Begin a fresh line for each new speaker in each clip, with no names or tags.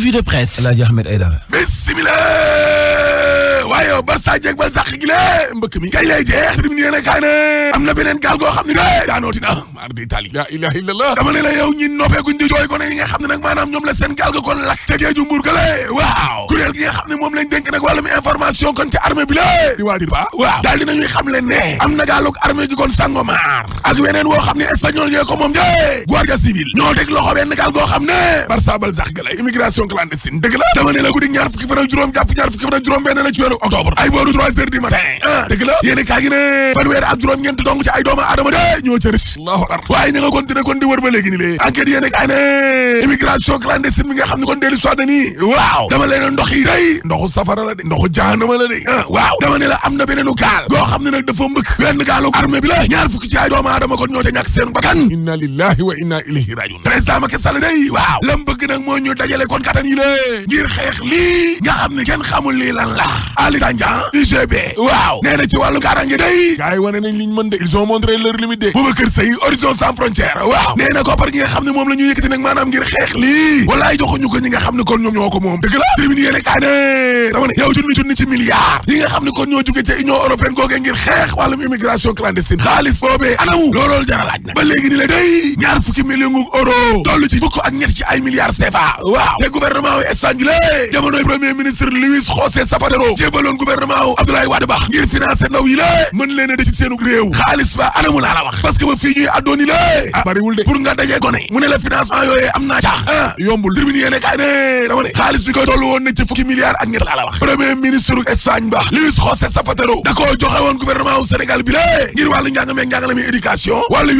revue de presse. El Hadj Ahmed Aïdara.
Bismillah. waaye barça jéeg bal sax mi kañ lay jeex tribune yéen a am na beneen gaal xam ne de mar di tali la ilaha illallah dama ne la yow ñi noppeeguñ di jooy ko ne xam ne nag maanaam ñoom la seen gaal kon lakk ca géeju mbuur gale waaw kuréel gi nga xam ne moom lañ dénk nag xam ne am na gaalug xam ne espagnol ñee ko moom de guardia la dama ne la guddi ñaar fukki fan ak juróom jàpp ñaar la ci octobre ay booru trois heures du matin ah dëgg la yéen kaa gi ne fanweer ak juróom-ñeent dong ci ay doomu aadama de ñoo ca rëcc allahu akbar waaye ña nga continué kon di wër ba léegi ni lée enquête yéen kaay ne immigration clandestine bi nga xam ne kon dellu soit na waaw dama yi day ndoxu safara la de ndoxu la de ah waaw ne la am na beneenu gaal goo xam ne nag dafa mbëkk benn gaalu armée bi la ñaar fukki ci ay doomu aadama kon ñoo ca ñàkk seen bakkan inna lillahi wa inna ilayhi rajiun président Macky Sall day waaw lam bëgg nag moo ñu dajale kon kattan yi lée ngir la capitaine Dia UGB waaw nee na ci wàllu kaarange day gars yi wane nañ liñ mën de ils ont montré leur limite de Boubacar Seye horizon sans frontière waaw nee na koppar gi nga xam ne moom la ñu yëkkati maanaam ngir xeex lii walaay joxuñu ko ñi nga xam ne kon ñoom ñoo ko moom dëgg la tribune yéene kaa ne dama ne yow ci milliards yi nga xam ne kon ñoo jóge ca union européenne googee ngir xeex wàllum immigration clandestine xaalis boobee anamu looloolu jara jàppaloon gouvernement wu Abdoulaye Wade ngir financer ndaw yi lée mën leen a de ci seenu réew xaalis ba anamu laa la wax parce ba fii ñuy addooni lée ah, ah bariwul de pour nga dajee gone mu ne la financement yooyee am naa caax ah, yombul tribune yéene kaay ne dama xaalis bi ko toll woon na ci fukki milliards ak ñett laa la wax premier ministre Espagne ba Luis José Zapatero da koo joxe woon gouvernement wu Sénégal bi lée ngir wàllu njàng meeg njàngale mi éducation wàllu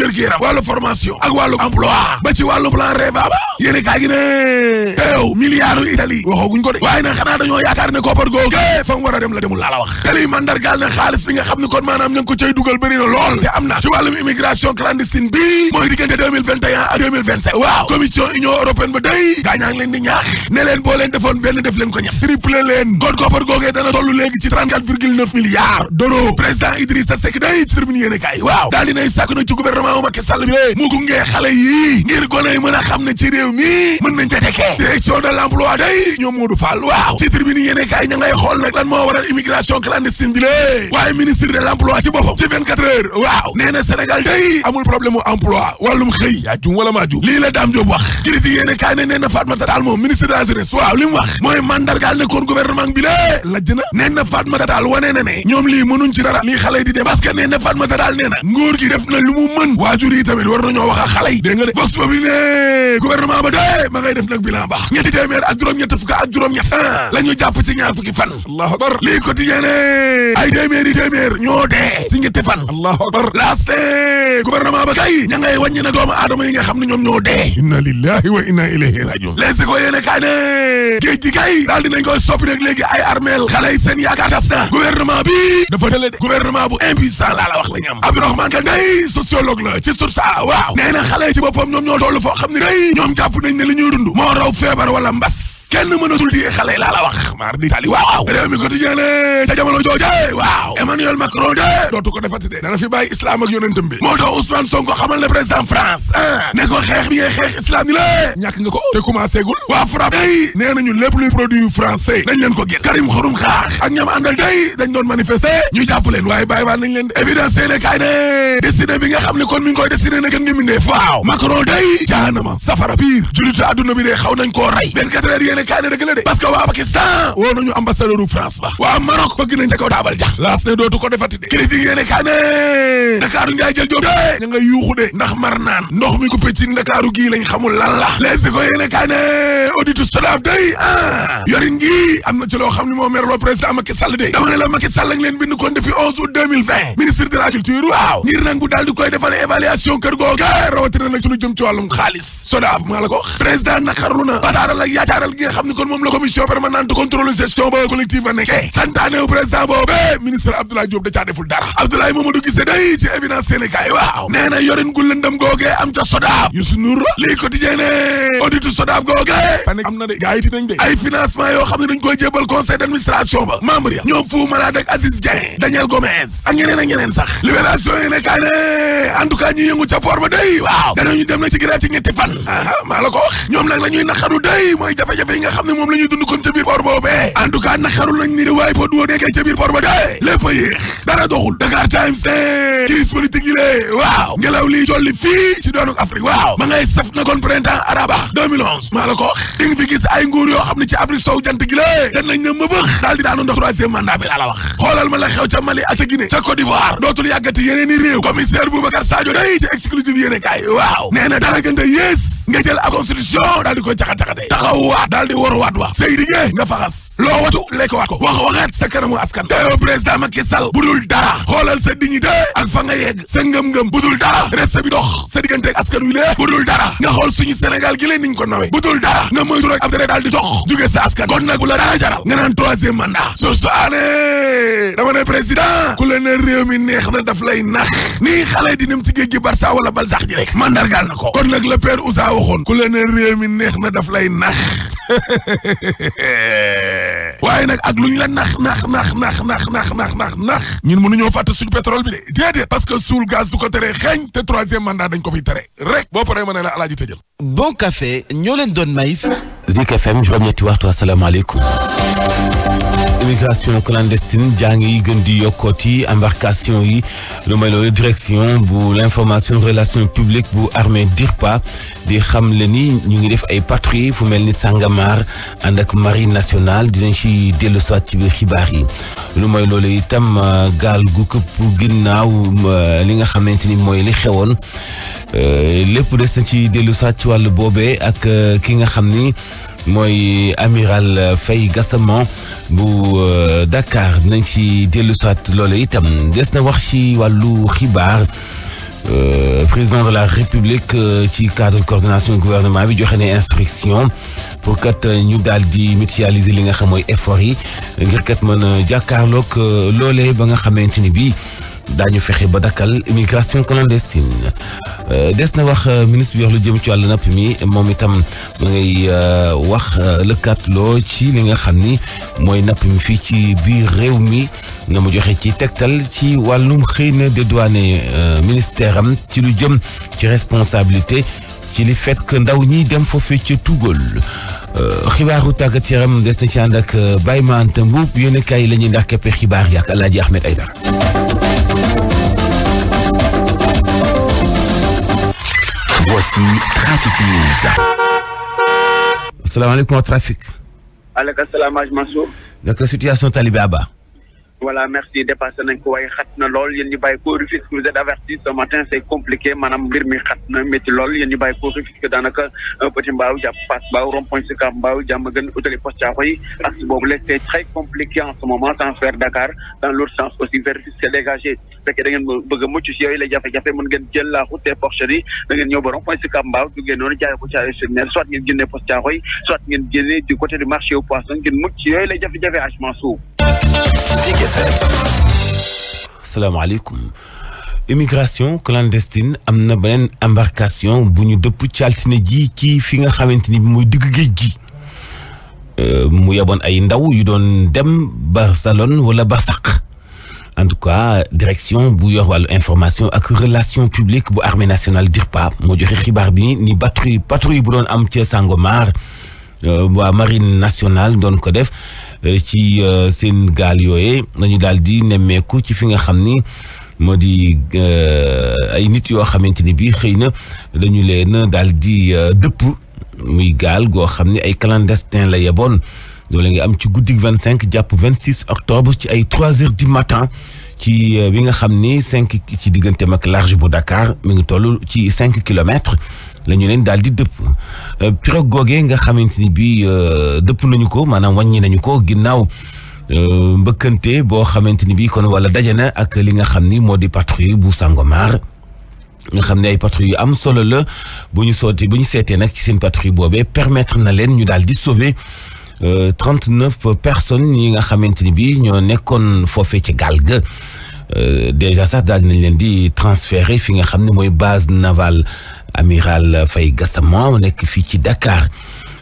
wér war a dem la demul a wax te liy mandargaal ne xaalis bi nga xam ne kon maanaam ñu ngi ko dugal bëri lool te am na ci wàllum immigration clandestine bi mooy diggante 2021 waaw commission union européenne ba day gaañaa leen di ñaax ne leen defoon benn def leen ko ñett triple leen kon koppar googee dana toll léegi ci 34 virgule 9 milliards d'euros président Idrissa Seck day ci tribune yéene kaay waaw daal dinay sàkk na ci gouvernement wu Macky Sall bi mu gungee xale yii ngir gone yi mën a xam moo waral immigration clandestine bi lée waaye ministre de l'emploi ci boppam ci 24 heures waaw nee na day amul problème mu emploi wàllum xëy yaa jum wala maa jum lii la Dame Diop wax critique yéene kaay ne nee na Fatmata moom ministre de la jeunesse waaw li wax mooy mandargaal nekkoon gouvernement bi lée lajj na nee na Fatmata wane na nguur gi def na lu mu tamit war nañoo wax ak xale yi de vox populi ne gouvernement akbar lii quotidien ay téeméeri téeméer ñoo dee si ñetti fan allahu akbar laaste gouvernement ba kay ña ngay wàññi na doomu xam ne ñoo dee inna lillahi wa inna ilayhi rajiun léegi ko yéene kaay ne géej gi kay daal dinañ koy soppi nag léegi ay armeel xale yi seen yaakaar tas na gouvernement bi dafa tële de gouvernement bu impuissant laa la wax la ñu am Abdourahmane Kane day sociologue la ci source a waaw nee na xale yi ñoom ñoo tollu foo xam ne day ñoom jàpp nañ ne li kenn mënatul téye xale laa la wax maar di tali waaw réew mi quotidien ne ca jamono jooje waaw Emmanuel ko defati de dana fi bàyyi islam ak yonentam bi moo tax Ousmane Sonko xamal ne président France ne ko xeex bi ngay xeex islam ni la ñàkk nga ko te commencé gul waa FRAPP day nee nañu lépp produit français dañ leen ko gén Karim Xurum Xaax ak ñam àndal day dañ doon manifester ñu jàpp waaye bàyyi waan nañ leen évidence tey ne kaay ne destiné bi nga xam ne kon mi koy destiné yéene kaay ne dëgg la de parce que waa Pakistan woo nañu ambassadeur u France ba waa taabal ja laas dootu ko defati de critique yéene kaay ne Ndakaaru njaay joob de ña mar naan ndox mi coupé ci Ndakaaru gii lañ xamul lan la ko yéene kaay ne auditu SODAV ah, yorin gi am na ci xam ne moo mer loo président Macky Sall de dama ne la Macky Sall ngi leen bind kon depuis 11 août 2020 ministre de la culture waaw ngir nag bu daal di koy defal évaluation kër googa xam ne kon moom la commission permanente contrôle gestion ba collectif ba nekkee santaanewu président boobe ministre Abdoulaye Diop da deful dara Abdoulaye Mamadou Guissé day ci évidence Sénégal waaw nee yorin gu lëndëm googee am ca sodaab yu sunur lii quotidien ne auditu sodaab googee am na de gaa nañ de ay financement yoo xam ne dañ koy jébal conseil d'administration ba membre ya ñoom Fou Malade ak Aziz Dieng Daniel Gomez ak ñeneen ak ñeneen sax yi nga xam ne moom la ñuy dund ca biir port boobee en tout cas naxarul nañ ni ca biir port ba day lépp a dara doxul Dakar Times ne crise politique yi lée waaw ngelaw lii jolli fii ci doonuk Afrique waaw ma ngay saf na kon printemps arabe ah. maa la ko wax fi gis ay nguur yoo xam ne ci Afrique sow jant gi dan nañ ne mëbëx daal di daanu ndox troisième mandat bi laa la wax xoolal ma la xew ca Mali ak ca Guinée ca Côte d'Ivoire dootul yàggati yeneen a di waruwaat wa say diggee nga faxas loo watu lekk waat ko wax waxaat sa kanamu askan dayoo président Macky Sall bu dul dara xoolal sa dignité ak fa nga yegg sa ngëm-ngëm bu dul dara reste bi dox sa diggante askan wi lee dara nga xool suñu Sénégal gi leen niñ ko nawee bu dara nga moytu rek ab dara di dox jóge sa askan kon nag bu la dara jaral nga naan troisième mandat source aané dama ne président ku la ne réew mi neex na daf lay nax nii xale di nim ci géej gi Barça wala Balzac ji rek mandargaal na ko kon nag le père Ousa na waaye nag ak lu ñu la nax nax nax nax nax nax nax nax nax ñun mënuñoo fàtte suñu pétrole bi de déedéet parce que suul gaz du ko tere xeeñ te troisième mandat dañ ko fiy tere rek boo paree ma ne la alaaji tëjal bon café ñoo leen doon maïs
Zik FM juróom-ñetti waxtu asalaamaaleykum immigration clandestine jaa ngi gën di yokkooti embarcation yi lu may loolu direction bu information relation publique bu armee DIRPA di xam le ni ñu ngi def ay patrouille fu mel ni Sàngamar ànd ak marine nationale dinañ ci dellu soit ci biir xibaar yi lu may loolu itam gaal gu këpp ginnaaw euh, li nga xamante ni mooy li xewoon Euh, lépp des na ci dellusaat ci wàllu boobee ak euh, ki nga xam ni mooy amiral Faye Gassama bu euh, dakkaar nañ ci dellusaat saat loole itam des na wax ci wàllu xibaar président de la république ci cadre coordination gouvernement bi joxe ne instruction pour kat ñu daal di mutualiser li nga xam mooy effort yi ngir kat mën a jàkkaarloog loole ba nga xamante ni bi daañu fexe ba dakkal immigration clandestine Euh, des na wax euh, ministre bi wax lu jëm ci wàllu napp mi moom itam ma ngay euh, wax loo ci li nga xam ni mooy napp mi fii ci biir réew mi nga mu joxe ci tegtal ci wàllum xëy na dédouané ministère am ci lu jëm ci responsabilité ci li fait ndaw ñi dem foofee ci Tugal xibaaru tàggat yaram des na ci ànd ak Baye Ma Anta Mboup yéen a kaay la ñuy ndax keppe xibaar yi ak El Hadji Ahmed Aïdara Voici Traffic News. asalaamaaleykum wa trafic. maaleykum salaam Mansour. naka situation Talibe Abba.
voilà merci dépassé nañ ko waaye xat na lool yéen ñu bàyyi ko Rufisque vous êtes averti ce matin c'est compliqué maanaam mbir mi xat na métti lool yéen ñu bàyyi ko Rufisque daanaka euh, Petit Mbao jàpp Fass Mbao rond-point Sicap Mbao jàmm gën utali Poste Thiaroye axe boobu la c'est très compliqué en ce moment sans faire Dakar dans l'autre sens aussi vers Rufisque dégagé fekkee da ngeen bëgg a mucc si yooyu la jafe-jafe mën ngeen jël la route des porcheries da ngeen ñëw ba rond-point Sicap Mbao duggee noonu jaaree ko Thiaroye sur Mer soit ngeen génnee Poste Thiaroye soit ngeen génnee du côté du marché aux poissons ngeen mucc si yooyu la jafe-jafe Hadj Mansour Zik FM.
salaamaaleykum. immigration am na beneen embarcation bu ñu dëpp caltine ji ci fi nga xamante ni muy digg géej gi. Euh, mu yeboon ay ndaw yu doon dem Barcelone wala Barsaq en tout cas direction bu yor wàllu information ak relation publique bu armée nationale DIRPA moo joxe xibaar bi ni patrouille bu doon am ca Sangomar euh, waa marine nationale doon ko def. ci euh, seen gaal yooye nañu daal di nemmeeku ci fi nga xam ni moo di euh, ay nit yoo xamante ni bii xëy na dañu leen daal di euh, dëpp muy gaal goo xam ni ay clandestin la yeboon loolu nga am ci guddi vingt cinq jàpp vingt six octobre ci ay trois heures du matin ci bi nga xam ni cinq ci digganteem ak large bu Dakar mi ngi toll ci cinq kilomètres la ñu leen daal di dëpp euh, pirogue googee nga xamante ni bii euh, dëpp nañu ko maanaam waññi nañu ko ginnaaw euh, mbëkkante boo xamante ni bii kon wala daje na ak li nga xam ni moo di patrouille bu Sangomar nga xam ne ay patrouille yu am solo la bu ñu sooti bu ñu seetee nag ci seen patrouille boobee permettre na leen ñu daal di sauver trente neuf personnes yi nga xamante ni bii ñoo nekkoon foofee ci gaal ga déjà sax daal nañ leen di transférer fi nga xam ne mooy base naval amiral fay Gassama mu nekk fii ci Dakar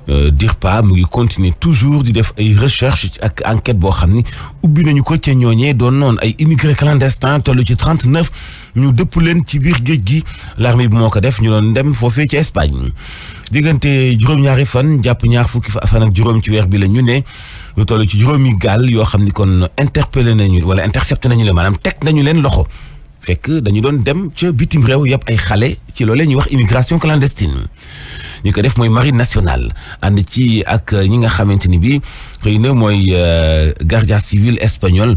euh, DIRPA mu ngi continuer toujours di def ay recherche ak enquête boo xam ni ubbi nañu ko ca ñooñee doon noon ay immigré clandestin tollu ci trente neuf ñu dëpp leen ci biir géej gi l'armée bi moo ko def ñu doon dem foofee ci Espagne diggante juróom-ñaari fan jàpp ñaar fukki fan ak juróom ci weer bi la ñu ne lu toll ci juróomi gaal yoo xam ni kon interpellé nañu wala intercepté nañu leen maanaam teg nañu leen loxo. fekk dañu doon dem ca bitim réew yëpp ay xale ci loolee ñuy wax immigration clandestine ñu ko def mooy marine nationale ànd ci ak ñi nga xamante ni bii xëy na mooy euh, guardia civil espagnol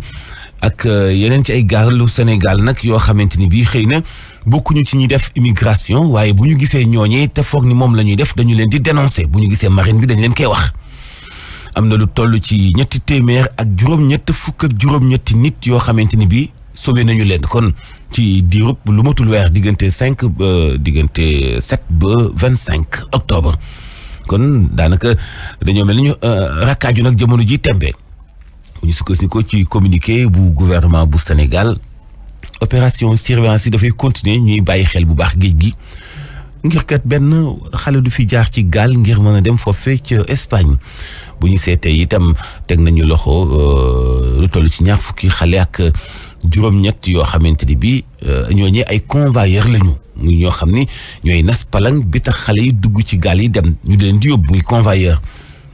ak euh, yeneen ci ay gaalu Sénégal nag yoo xamante ni bii xëy na bokkuñu ci ñi def immigration waaye bu ñu gisee ñooñee te foog ni moom la ñuy def dañu leen di dénoncer bu ñu gisee marine bi dañu leen koy wax. am na lu toll ci ñetti téeméer ak juróom-ñett fukk ak juróom-ñetti nit yoo xamante ni bii sauvé nañu leen kon ci diirub lu matul weer diggante cinq ba diggante sept ba vingt cinq octobre kon daanaka dañoo mel ni ñu euh, rakkaaju nag jamono ji tembe ñu sukkandiku ci communiqué bu gouvernement bu Sénégal opération surveillance yi dafay continuer ñuy bàyyi xel bu baax géej gi ngir kat benn xale du fi jaar ci gaal ngir mën a dem foofee ca Espagne bu ñu seetee itam teg nañu loxo euh, lu toll ci ñaar fukki xale ak juróom-ñett yoo xamante ni bii euh, ñooñee ay convoyeur lañu ñu ñoo xam ni ñooy nas palang bi tax xale yi dugg ci gaal yi dem ñu leen di yóbbu muy convoyeur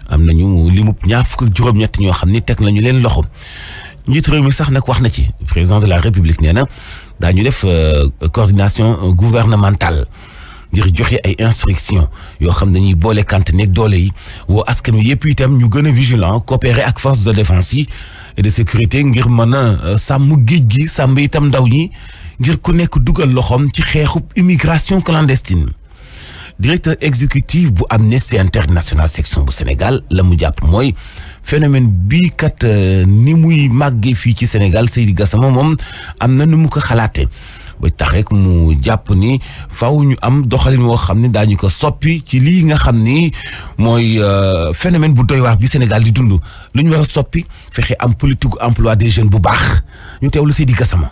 am nañu limub ñaar fukk ak juróom-ñett ñoo xam ni teg nañu leen loxo njiitu réew mi sax nag wax na ci président de la république nee na daa ñu def euh, coordination gouvernementale. ngir joxe ay instruction yoo xam dañuy boole kante nekk doole yi woo askan wi yëpp itam ñu gën a vigilant coopérer ak force de défense yi et de sécurité ngir mën a euh, sàmm géej gi sàmm itam ndaw ñi ngir ku nekk dugal loxoom ci xeexub immigration clandestine directeur exécutif bu Amnesty International section bu Sénégal la mu jàpp mooy phénomène bii kat euh, ni muy màggee fii ci Sénégal Seydi Gassama moom am na nu mu ko xalaatee ba tax rek mu jàpp ni faw ñu am doxalin woo xam ne daañu ko soppi ci lii nga xam ni mooy euh, phénomène bu doy wax bi Sénégal di dund lu ñu war a soppi fexe am politique emploi des jeunes bu baax ñu teewlu Seydi Gassama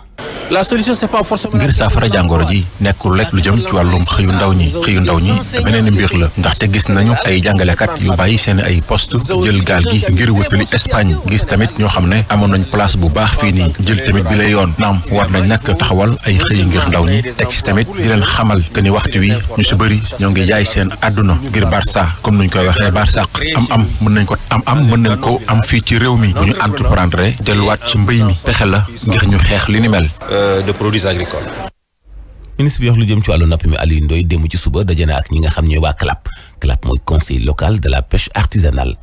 la solution c'est pas
ngir saafara jàngoro ji nekkul rek lu jëm ci wàllum xëyu ndaw ñi xëyu ndaw ñi beneen mbir la ndax te gis nañu ay jàngalekat yu bàyyi seen ay poste jël gaal gi ngir wutali Espagne gis tamit ñoo xam ne amoon nañ place bu baax fii nii jël tamit bi lay yoon naam war nañ nag taxawal ay xëy ngir ndaw ñi teg ci tamit di xamal que ni waxtu wi ñu si bëri ñoo ngi jaay seen àdduna ngir Barça comme nuñ koy waxee Barça am am mën nañ ko am am mën nañ ko am fii ci réew mi bu ñu delluwaat ci mbéy mi pexe la ngir ñu xeex
li ni mel
Euh, de produits agricoles.
ministre bi wax lu jëm ci wàllu napp mi Aliou Ndoye démb ci suba dajane ak ñi nga xam ñooy waa CLAP CLAP mooy conseil local de la pêche artisanale.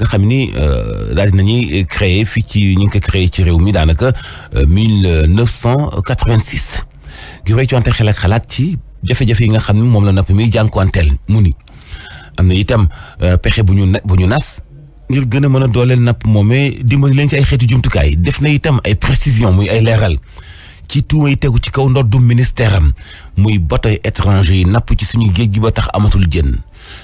nga xam ni euh, daal dinañuy créer fii ci ñu ngi ko créer ci réew mi daanaka euh, mille neuf cent quatre vingt xel xalaat ci jafe yi nga xam ni moom la napp mi jànkuwanteel mu ni am na itam pexe bu ñu bu ñu nas ngir gën a mën a dooleel napp moomee dimbali leen ci ay xeetu jumtukaay def na itam ay précision muy ay leeral ci tuuma yi tegu ci kaw ndoddu ministère am muy bateau étranger yi napp ci suñu géej gi ba tax amatul jën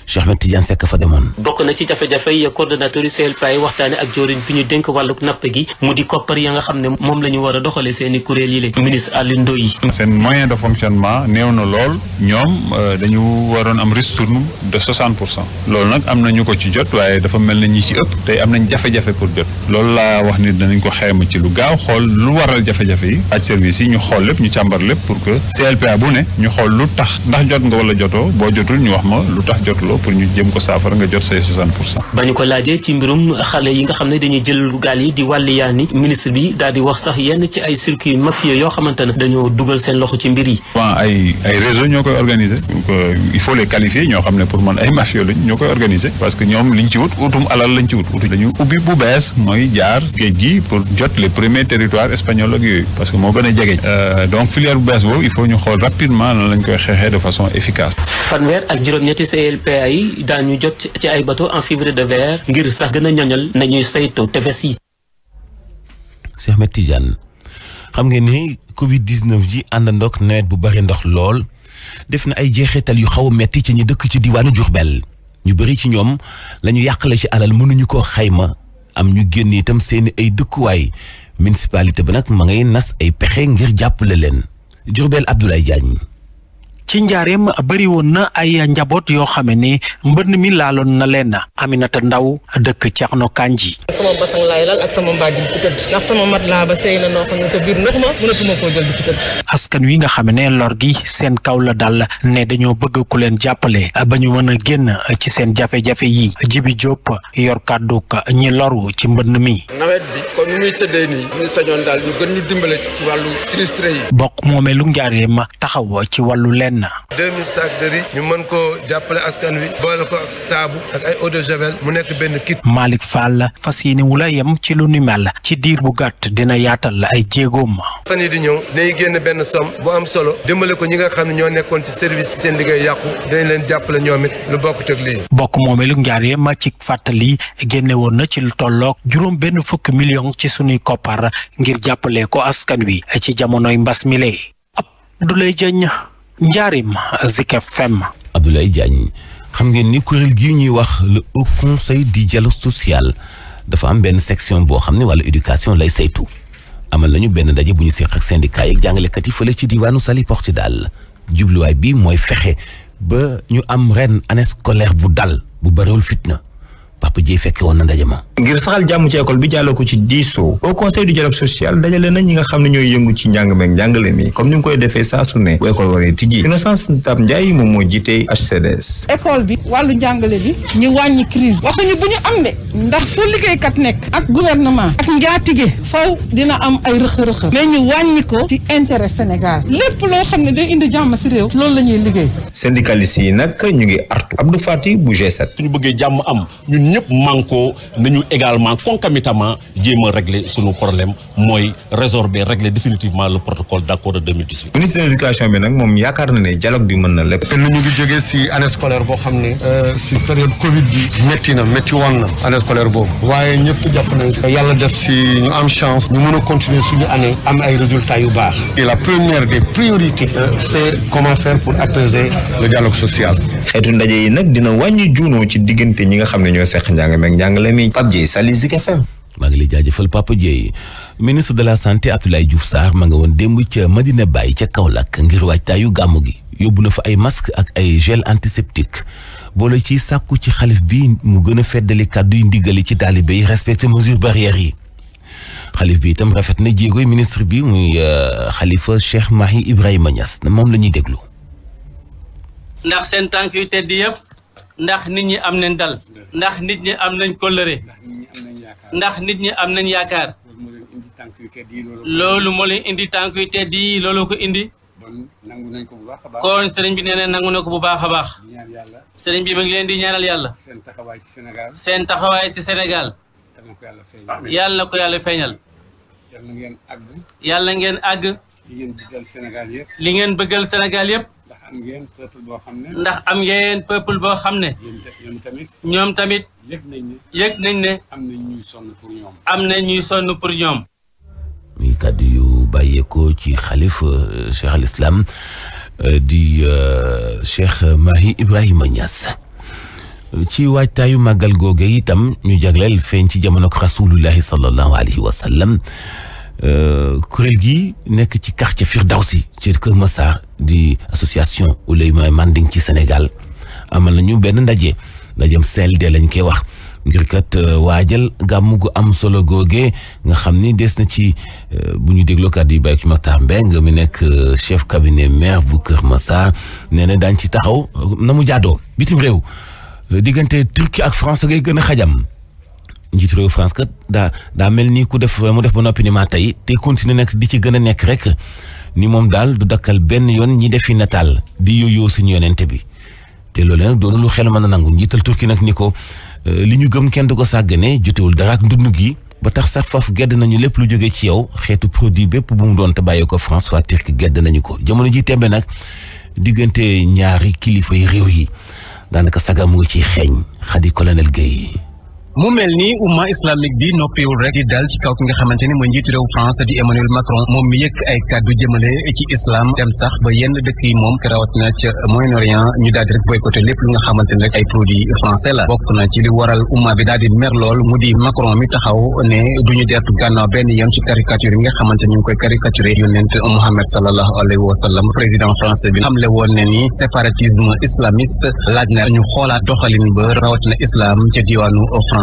Cheikh Ahmed Tidiane Seck fa demoon.
bokk na ci jafe-jafe yi coordonnateur yi CLPA yi waxtaane ak joriñ bi ñu dénk wàllu napp gi mu di koppar ya nga xam ne moom la ñu war a doxalee
seen i kuréel yi la ministre Aliou Ndoye seen moyen de fonctionnement néew na lool ñoom euh, dañu waroon am ristourne de 60 pour cent loolu nag am na ñu ko ci jot waaye dafa mel na ñi ci tey am nañ jafe pour jot loolu laa wax ni danañ ko xayma ci lu gaaw xool lu waral jafe-jafe yi ak service yi ñu xool lépp ñu càmbar lépp pour que CLPA bu ne ñu xool lu tax ndax jot nga wala jotoo boo jotul ñu wax ma lu tax jotuloo loo pour ñu jëm ko saafara jot say 60 pour cent.
ba ko laajee ci mbirum xale yi nga xam ne dañuy jël gaal yi di wàlliyaani ministre bi daal di wax sax yenn ci ay circuit mafieux
yoo xamante ne dugal seen loxo ci mbir yi. souvent ay ay ñoo koy organiser. Euh, il faut les qualifier ñoo xam ne pour man ay mafieux lañ ñoo koy organiser. parce que ñoom li ci wut utum alal lañ ci wut utu dañuy ubbi bu bees mooy jaar géej gi pour jot le premiers territoires espagnols ak yooyu que moo gën a jege. Euh, donc filière bu bees boobu il faut ñu koy xeexee de façon efficace.
fanweer ay daañu jot ci ay bateau en fibre de verre ngir sax
gën a nañuy saytu tefes yi. Cheikh Ahmed xam ngeen ni Covid 19 ji àndandoog nawet bu bari ndox lool def na ay jeexital yu xaw a metti ci ñu dëkk ci diwaanu Diourbel ñu bari ci ñoom lañu yàqale ci alal mënuñu koo xayma am ñu génn itam seeni ay dëkkuwaay municipalité bi nag ma ngay nas ay pexe ngir jàppale leen Diourbel Abdoulaye Diagne. ci njaareem bëri
na ay njaboot yoo xame ne mbënn mi laaloon na leen Aminata Ndaw dëkk Thierno Kandji.
sama mat laa
wi nga xam ne lor gi seen kaw la dal ne dañoo bëgg ku leen jàppale ba ñu mën a génn ci seen jafe-jafe yi Jibi Diop yor kàddu ñi loru ci mbënn mi.
nawet bi kon muy tëddee nii ñu sañoon daal ñu gën ñu dimbale
ci wàllu sinistre yi.
bokk moomeelu njaareem taxaw ci wàllu leen benn.
2000 sacs ñu mën koo jàppale askan wi boole ko ak saabu ak ay eau de javel mu nekk benn kit. Malick
la fas yéene wu la yem ci lu ni mel ci diir bu gàtt dina yaatal la ay jéegoom. fan yii di ñëw day génn benn somme bu am solo dimbale ko ñi nga xam ne ñoo nekkoon ci service seen liggéey yàqu dañ leen jàppale ñoom it lu bokk ak lii. bokk moomeelu njaaree ma ci fàttali génne woon na ci lu tollook juróom benn fukki million ci sunuy koppar ngir jàppale ko askan wi ci jamonoy mbas mi lee Abdoulaye Diagne Njaarim Zik FM.
Abdoulaye Diagne xam ngeen ni kuréel gii ñuy wax le haut conseil du dialogue social dafa am benn section boo xam ne wàllu éducation lay saytu amal nañu benn ndaje bu ñu seq ak syndicat ak jàngalekat yi fële ci diwaanu Saly Portudal jubluwaay bi mooy fexe ba ñu am ren année scolaire bu dal bu bariwul fitna. Papa Dieye fekke woon na ndaje ma
ngir saxal jàmm ci école bi jàlloo ko ci diisoo au conseil du dialogue social dajale na ñi nga xam ne ñooy yëngu ci njàng meeg njàngale mi comme ni mu koy defee saa su ne bu école waree tijji Innocence Ntap Ndiaye moom moo jiite HCDS
école bi wàllu njàngale bi ñu wàññi crise waxuñu bu ñu am de ndax fu liggéeykat nekk ak gouvernement ak njaatige faw dina am ay rëq-rëq mais ñu wàññi ko ci intérêt Sénégal lépp loo xam ne day indi jàmm si réew loolu la ñuy liggéey
syndicalistes yi nag ñu ngi artu Abdou Fati bu G7 suñu bëggee jàmm am ñun ñëpp manko nañu également concomitamment jéem a régler sunu problème mooy résorber régler définitivement le protocole d' accord de 2018. ministre de l' éducation bi nag moom yaakaar na ne dialogue bi mën na lépp. te lu ñu ngi
jógee si année scolaire boo xam ne. Euh, si période Covid bi. métti na métti woon na année scolaire boobu. waaye ñëpp jàpp nañu. yàlla def si ñu am chance. ñu mën a continuer suñu année. am ay résultats yu baax. et la première des priorités. Euh, c' est pour apaiser le dialogue
social. xeetu ndaje yi nag dina wàññi juunoo ci diggante ñi nga xam ne ñoo seq njàng meeg njàngale mi
Pape Dieye Saly Zik FM maa ngi lay jaajëfal Papa Dieye ministre de la santé Abdoulaye Diouf Sarr ma nga woon démb ca Madina Baye ca kaw lakk ngir waajtaayu gàmmu gi yóbbu na fa ay masque ak ay gel antiseptique boole ci sàkku ci xalif bi mu gën a feddali kàddu yu ndigali ci taalibe yi respecté mesure barrières yi xalif bi itam rafet na jéegoy ministre bi muy euh, xalifa Cheikh Mahi Ibrahima Niass moom la ñuy déglu
ndax seen tànk yu tedd yëpp ndax nit ñi am nañ dal ndax nit ñi am nañ kóllëre ndax nit ñi am nañ yaakaar loolu moo leen indi tànk yu tedd yi loolu ko indi kon sëriñ bi nee nangu na ko bu baax a baax sëriñ bi ma ngi leen di ñaanal yàlla seen taxawaay ci Sénégal seen taxawaay ci Sénégal yàlla ko yàlla feeñal yàlla ngeen àgg li ngeen bëggal Sénégal yëpp am ngeen ndax am ngeen peuple boo xam ne. ñoom tamit. ñoom yëg nañ ne. yëg nañ ne. am nañ ñuy sonn pour ñoom. am nañ ñuy sonn pour ñoom. muy
kàddu yu bàyyeekoo ci xalif euh, cheikh al islam euh, di euh, cheikh Mahi Ibrahima Niass. ci waajtaayu màggal googe itam ñu jagleel feeñ ci jamono rasulullahi sallallahu alayhi wa sallam. Euh, kuréel gi nekk ci quartier Firdawsi ci Kër Massar di association Ouléma Manding ci Sénégal amal nañu benn ndaje ndajem CLD lañ koy wax ngir kat euh, waajal gàmm gu am solo googe nga xam ni des na ci euh, bu ñu dégloo kàddu yi bàyyi ci Makhtar Mbengue mi nekk chef cabinet maire bu Kër Massar nee na daañ ci taxaw na mu jaadoo bitim réew diggante Turquie ak France ngay gën a xajam njiitu réew France kat daa daa mel ni ku def mu def ba noppi ni ma tey te continuer nag di ci gën a nekk rek ni moom daal du dakkal benn yoon ñi defi nataal di yooyoo suñu yonente bi te loolu nag doonu lu xel mën a nangu njiital turki nag ni ko euh, li ñu gëm kenn du ko sàggane jotewul dara ak ndund gi ba tax sax faf gedd nañu lépp lu jóge ci yow xeetu produit bépp bu mu doon te bàyyi ko France waa turki gedd nañu ko jamono ji tembe nag diggante ñaari kilifay yi réew yi daanaka saga mu ngi ciy xeeñ xadi colonel Guèye mu mel ni
umma islamique bi noppiwul rek di dal ci kaw ki nga xamante ni mooy njiitu réew France di Emmanuel Macron moom mi yëkk ay kàddu jëmale ci islam dem sax ba yenn dëkk yi moom rawatina ca Moyen-Orient ñu daal di rek boycotté lépp lu nga xamante ni rek ay produits français la bokk na ci li waral umma bi daal di lool mu di Macron mi taxaw ne du ñu dertu gànnaaw benn yoon ci caricature yi nga xamante ni ñu ngi koy caricaturé yonent Mohammed sallallahu alayhi wa sallam président français bi xamle woon ne ni laaj na ñu xoolaat doxalin ba rawatina islam diwaanu France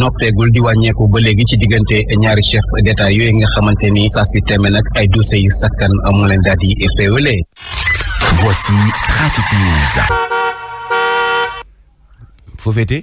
noppeegul di wàññeeku ba léegi ci diggante ñaari chef d'état yooyu nga xamante ni saa si teme nag ay dossiers yi sakkan mu leen daal di féewale. Voici Trafic News.
foo féete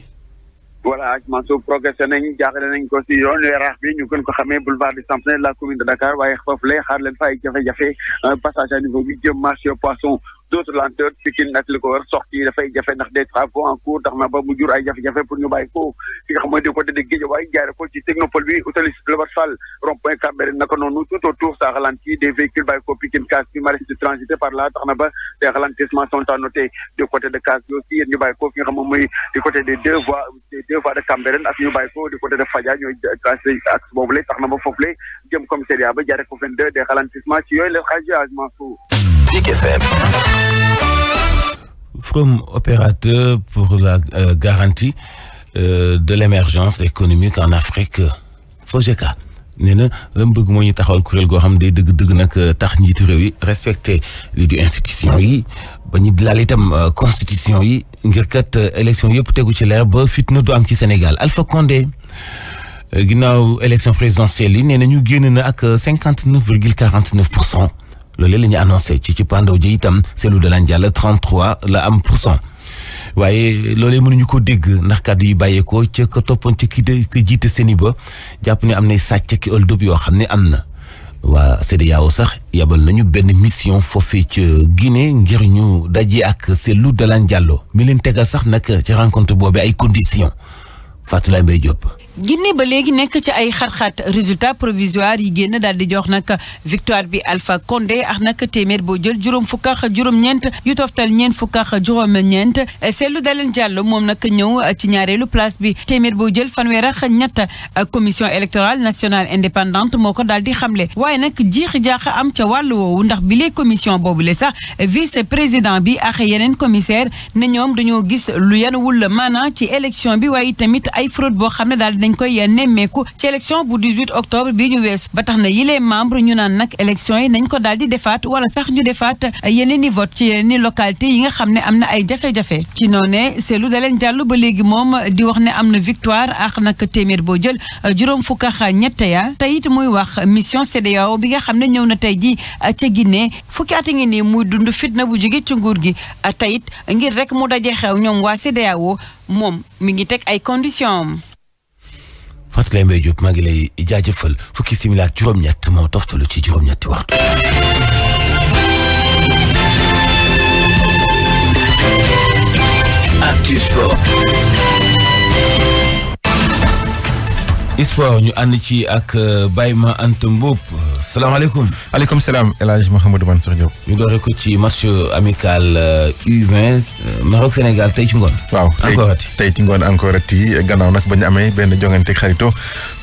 voilà Mansour progressé nañ jaaxle nañ ko si yoon weerax bi ñu gën ko xamee boulevard du Centenaire la commune de Dakar waaye foofu lay xaar leen fa ay jafe-jafe euh, passage a niveau bi jëm marché poisson d'autres lenteurs Pikine ak li ko war sorti dafay jafe ndax des travaux en cours tax ba mu jur jafe-jafe pour ñu bàyyi ko fi nga xam mooy di côté de Guédiawaye jaare ko ci technopole bi utali Lobatt Fall rond-point Cambérène tout autour ça ralentit des véhicules bàyyi ko Pikine Case bi maraîchers par là tax ba des ralentissements sont à noter du côté de Case bi aussi yéen ñu bàyyi ko fi nga côté des deux voies de Cambérène ak ñu bàyyi ko du côté de Fadia ñooy casé ak lay tax ba foofu lay jëm
Zik FM. From opérateur pour la euh, garantie euh, de l'émergence économique en Afrique FOGECA nee na lam bëgg moo ñu taxawal kuréel goo xam day dëgg dëgg nag euh, tax njiitu réew yi respecté lii di yi ba ñu dilal itam euh, constitution yi ngir kat élection yëpp tegu ci leer ba fitna du am ci Sénégal Alpha Condé ginnaaw élection présidentielle yi nee na ñu génn na ak cinquante neuf virgule quarante neuf pour cent loolee la ñu annoncé ci ci pandaw ji itam Cellou Dalein Diallo 33 la am pour cent waaye loolee mënuñu ko dégg ndax kàddu yi bàyyeekoo ca ka toppoon ca ki de ka jiite seeni ba jàpp ne am nay sàcc ki ëldëb yoo xam ne am na waa CEDEAO sax yabal nañu benn mission foofee ci Guinée ngir ñu daje ak Cellou Dalein Diallo mi leen tegal sax nag ci rencontre boobu ay conditions Fatou Laye Mbaye Diop
Guinée ba léegi nekk ci ay xat-xat résultat provisoire yi génn daal di jox nag victoire bi Alpha Condé ak nag téeméer boo jël juróom fukk ak juróom-ñeent yu toftal ñeent fukk ak juróom-ñeent Cellou Dalein Diallo moom nag ñëw ci ñaareelu place bi téeméer boo jël fanweer ak ñett commission électorale nationale indépendant moo ko daal di xamle waaye nag jiix jaax am ca wàllu woowu ndax bile commission boobule sax vice président bi ak yeneen commissaire ne ñoom dañoo gis lu yan wul maanaam ci élection bi waaye ay fraude dañ koy nemmeeku ci élection bu 18 octobre bi ñu wees ba tax na yi yile membre ñu naan nag élection yi nañ ko daal di defaat wala sax ñu defaat yeneen i vote ci yeneen i yi nga xam ne am na ay jafe-jafe ci noonee lu Dalein Diallo ba léegi moom di wax ne am na victoire ak nag téeméer boo jël juróom fukk ñett ya tey it muy wax mission CEDEAO bi nga xam ne ñëw na tey ji ca ginne fukki at ngi nii muy dund fitna bu jóge ci nguur gi tey it ngir rek mu daje xew ñoom waa CEDEAO moom mi ngi teg ay conditions
Fatou Mbaye Diop maa ngi lay jaajëfal fukki simila ak juróom-ñett moo toftalu ci juróom-ñetti waxtu. Actu ISPO ñu ànd ci ak euh, Baye Ma Anta Mboup salaamaaleykum. aleykum salaam El Hadj Mouhamadou Mansour Diop. ñu doore ko ci match amical U20 euh, euh, Maroc Sénégal
tey ci ngoon. waaw encore ati tey ci ngoon encore ati gannaaw nag ba ñu amee benn jongante xarito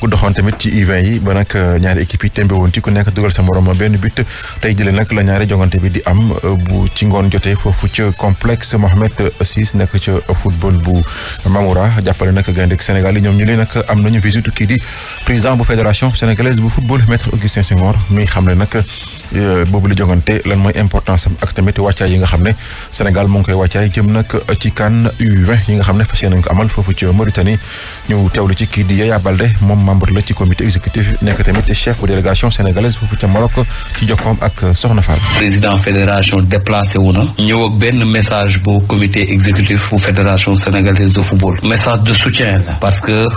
ku doxoon tamit ci u yi ba nag ñaari équipe yi tembe woon ci ku nekk dugal sa morom benn but tey jëlee nag la ñaari jongante bi di am bu ci ngoon jotee foofu ca complexe Mohamed VI nekk ci ca football bu Mamoura jàppale nag gaynde Sénégal yi ñoom ñu ne nag am nañu visite. kii di président bu fédération sénégalaise bu football maître Augustin Senghor mi ne nag. Euh, boobu la jogante lan mooy importance am ak tamit wàccaay yi nga xam ne Sénégal moo ngi koy wàccaay jëm nag ci CAN u yi nga xam ne fas yéene amal foofu ci Mauritanie ñu teewlu ci kii di Yaya Baldé moom membre la ci comité exécutif nekk tamit chef bu délégation sénégalaise foofu ca Maroc ci jokkoom ak Soxna Fall.
président fédération déplacé wu na. ñëw ak benn message bu comité exécutif bu fédération sénégalaise de football. message de soutien la.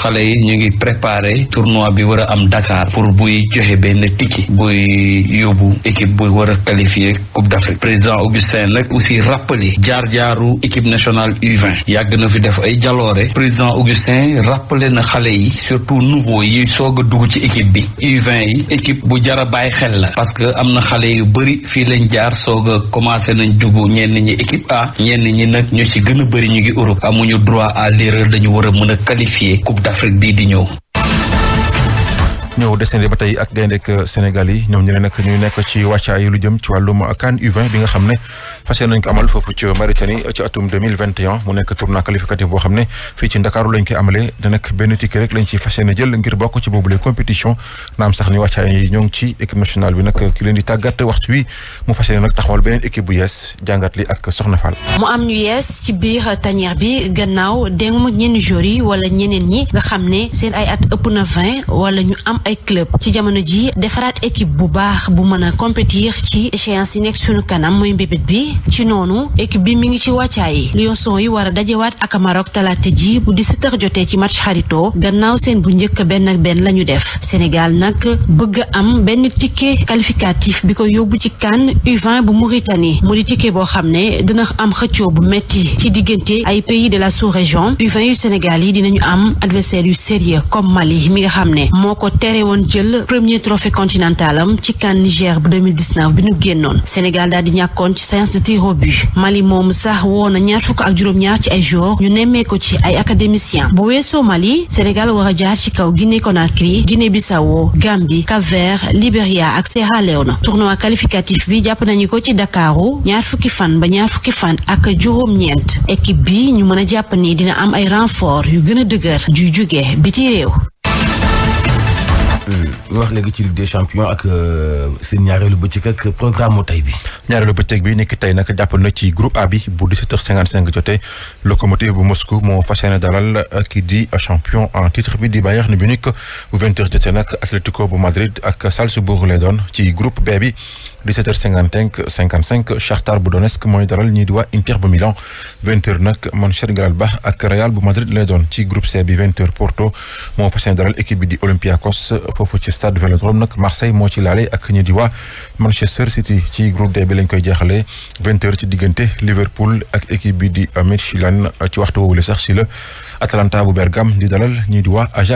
xale yi ñu ngi préparé tournoi bi war am Dakar. pour buy joxe benn tiki. buy équipe bu war a qualifier Coupe d'Afrique président Augustin nag aussi rappelé jaar-jaaru équipe nationale u yàgg na fi def ay jaloore président Augustin rappelé na xale yi surtout nouveau yi soog a dugg ci équipe bi u yi équipe bu jar a bàyyi xel la parce que am na xale yu bëri fii lañ jaar soog a commencé nañ ñeen ñenn ñi équipe A ñenn ñi nag ñu ci gën a bëri ñu ngi Europe amuñu droit à l'erreur dañu war a mën a qualifier Coupe d'Afrique bii di ñëw
ñëw desandi ba tey ak gayndek Sénégal yi ñoom ñu nekk ci wàccaay lu jëm ci wàllum CAN u bi nga xam ne fas nañ ko amal foofu ci Mauritanie ci atum mu nekk tournoi qualificatif boo xam ne fii ci Ndakaaru lañ koy amalee da benn ticket rek lañ ci fas yéene jël ngir bokk ci boobule compétition naam sax ni wàccaay yi ci équipe nationale bi nag ki leen di tàggat waxtu wi mu fas yéene nag taxawal beneen équipe bu yees jàngat ak Soxna
mu ay club ci jamono ji defaraat équipe bu baax bu mën a compétir ci échéance yi nekk suñu kanam mooy mbébét bi ci noonu équipe bi mi ngi ci wàccaay Lions yi war a dajewaat ak Maroc talaata ji bu di h jotee ci match xarito gannaaw seen bu njëkk benn benn la ñu def Sénégal nag bëgg am benn ticket qualificatif bi ko yóbbu ci CAN U20 bu Mauritanie mu di ticket boo xam ne dina am xëccoo bu metti ci diggante ay pays de la sous-région U20 yu Sénégal am adversaire naree woon jël premier trophée continental am ci CAN Niger bu 2019 bi ñu génnoon Sénégal daal di ñàkkoon ci séance de tir au but Mali moom sax woo na ñaar ak juróom ci ay joueurs ñu nemmee ko ci ay académiciens bu weesoo Mali Sénégal war a jaar ci kaw Guinée Conakry Guinée Bissau Gambie Cap-Vert Libéria ak Sierra na tournoi qualificatif bi jàpp nañu ko ci Dakaru ñaar fukki fan ba ñaar fukki fan ak juróom-ñeent équipe bi ñu mën a jàpp ni dina am ay renfort yu gën a dëgër ju jóge ci réew
wax léegi ci Ligue des champions ak euh, seen ñaareelu bëccëg ak
programme mu tey bi. ñaareelu bëccëg bi nekk tey nag jàpp na ci groupe A bi bu 17h55 jotee locomotive bu Moscou moo fas yéene dalal kii di champion en titre bi di Bayern Munich bu 20h jotee nag Atlético bu Madrid ak Salzbourg lay ci groupe B bi bu Donetsk mooy dalal ñii Inter bu Milan 20h nag Mönchengladbach ak Real bu Madrid lay ci groupe C bi 20h Porto moo fas yéene dalal équipe di Olympiakos foofu ci stade Vélodrome nag lañ koy jeexalee vingt heures ci diggante Liverpool ak équipe bi di Midtjylland ci waxtu woowu sax si la Atalanta bu Bergame di dalal ñii di waa Ajax